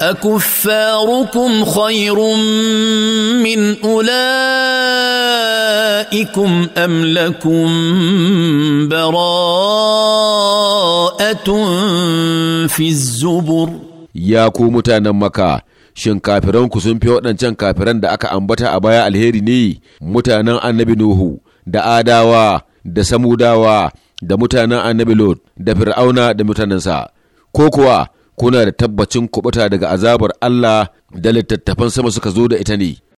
أكفاركم خير من أولئكم أم لكم براءة في الزبر يا كومتان مكة shin kafiranku sun fi waɗancan kafiran da aka ambata a baya alheri ne mutanen annabi Nuhu da Adawa da Samudawa da mutanen annabi Lot da Fir'auna da mutanensa ko kuwa kuna da tabbacin kubuta daga azabar Allah da littattafan sama suka zo da ita ne